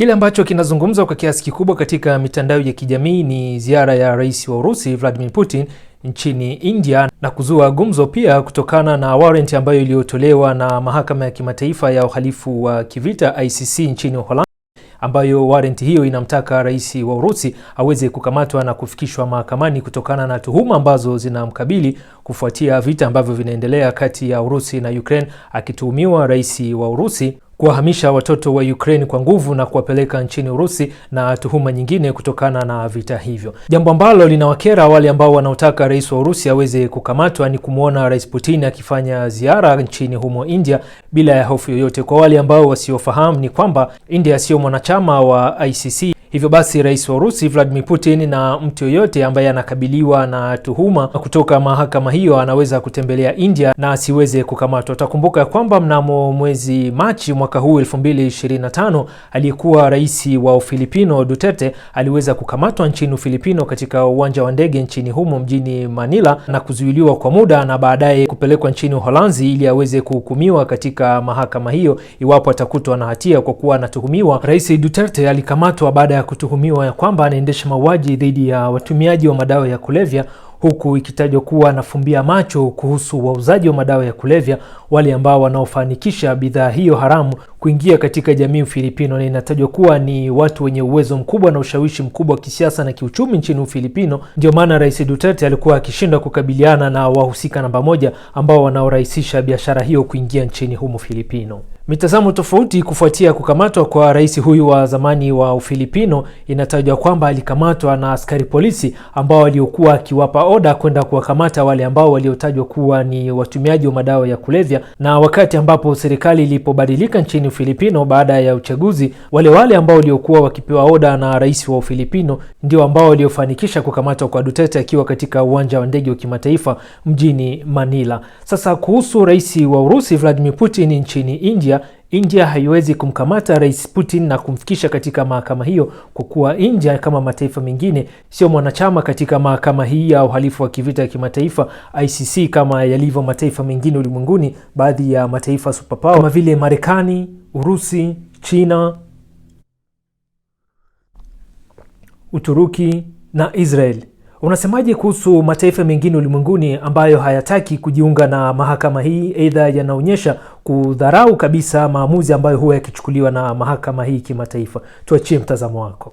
Kile ambacho kinazungumzwa kwa kiasi kikubwa katika mitandao ya kijamii ni ziara ya rais wa Urusi Vladimir Putin nchini India na kuzua gumzo pia kutokana na warrant ambayo iliyotolewa na mahakama ya kimataifa ya uhalifu wa kivita ICC nchini Uholanzi ambayo warrant hiyo inamtaka rais wa Urusi aweze kukamatwa na kufikishwa mahakamani kutokana na tuhuma ambazo zinamkabili kufuatia vita ambavyo vinaendelea kati ya Urusi na Ukraine, akituhumiwa rais wa Urusi kuwahamisha watoto wa Ukraine kwa nguvu na kuwapeleka nchini Urusi na tuhuma nyingine kutokana na vita hivyo. Jambo ambalo linawakera wale ambao wanaotaka rais wa Urusi aweze kukamatwa ni kumwona Rais Putin akifanya ziara nchini humo India bila ya hofu yoyote. Kwa wale ambao wasiofahamu, ni kwamba India sio mwanachama wa ICC Hivyo basi rais wa Urusi Vladimir Putin na mtu yoyote ambaye anakabiliwa na tuhuma kutoka mahakama hiyo anaweza kutembelea India na asiweze kukamatwa. Utakumbuka kwamba mnamo mwezi Machi mwaka huu 2025 aliyekuwa rais wa Ufilipino Duterte aliweza kukamatwa nchini Ufilipino katika uwanja wa ndege nchini humo mjini Manila na kuzuiliwa kwa muda na baadaye kupelekwa nchini Uholanzi ili aweze kuhukumiwa katika mahakama hiyo iwapo atakutwa na hatia kwa kuwa anatuhumiwa. Rais Duterte alikamatwa baada ya kutuhumiwa ya kwamba anaendesha mauaji dhidi ya watumiaji wa madawa ya kulevya huku ikitajwa kuwa anafumbia macho kuhusu wauzaji wa madawa ya kulevya, wale ambao wanaofanikisha bidhaa hiyo haramu kuingia katika jamii Ufilipino, na inatajwa kuwa ni watu wenye uwezo mkubwa na ushawishi mkubwa wa kisiasa na kiuchumi nchini Ufilipino. Ndio maana Rais Duterte alikuwa akishindwa kukabiliana na wahusika namba moja ambao wanaorahisisha biashara hiyo kuingia nchini humo Filipino. Mitazamo tofauti kufuatia kukamatwa kwa rais huyu wa zamani wa Ufilipino. Inatajwa kwamba alikamatwa na askari polisi ambao waliokuwa akiwapa oda kwenda kuwakamata wale ambao waliotajwa kuwa ni watumiaji wa madawa ya kulevya, na wakati ambapo serikali ilipobadilika nchini Ufilipino baada ya uchaguzi, wale wale ambao waliokuwa wakipewa oda na rais wa Ufilipino ndio ambao waliofanikisha kukamatwa kwa Duterte akiwa katika uwanja wa ndege wa kimataifa mjini Manila. Sasa kuhusu rais wa Urusi Vladimir Putin nchini India India, haiwezi kumkamata Rais Putin na kumfikisha katika mahakama hiyo kwa kuwa India kama mataifa mengine sio mwanachama katika mahakama hii ya uhalifu wa kivita ya kimataifa ICC, kama yalivyo mataifa mengine ulimwenguni. Baadhi ya mataifa superpower kama vile Marekani, Urusi, China, Uturuki na Israel Unasemaje kuhusu mataifa mengine ulimwenguni ambayo hayataki kujiunga na mahakama hii, aidha yanaonyesha kudharau kabisa maamuzi ambayo huwa yakichukuliwa na mahakama hii kimataifa? Tuachie mtazamo wako.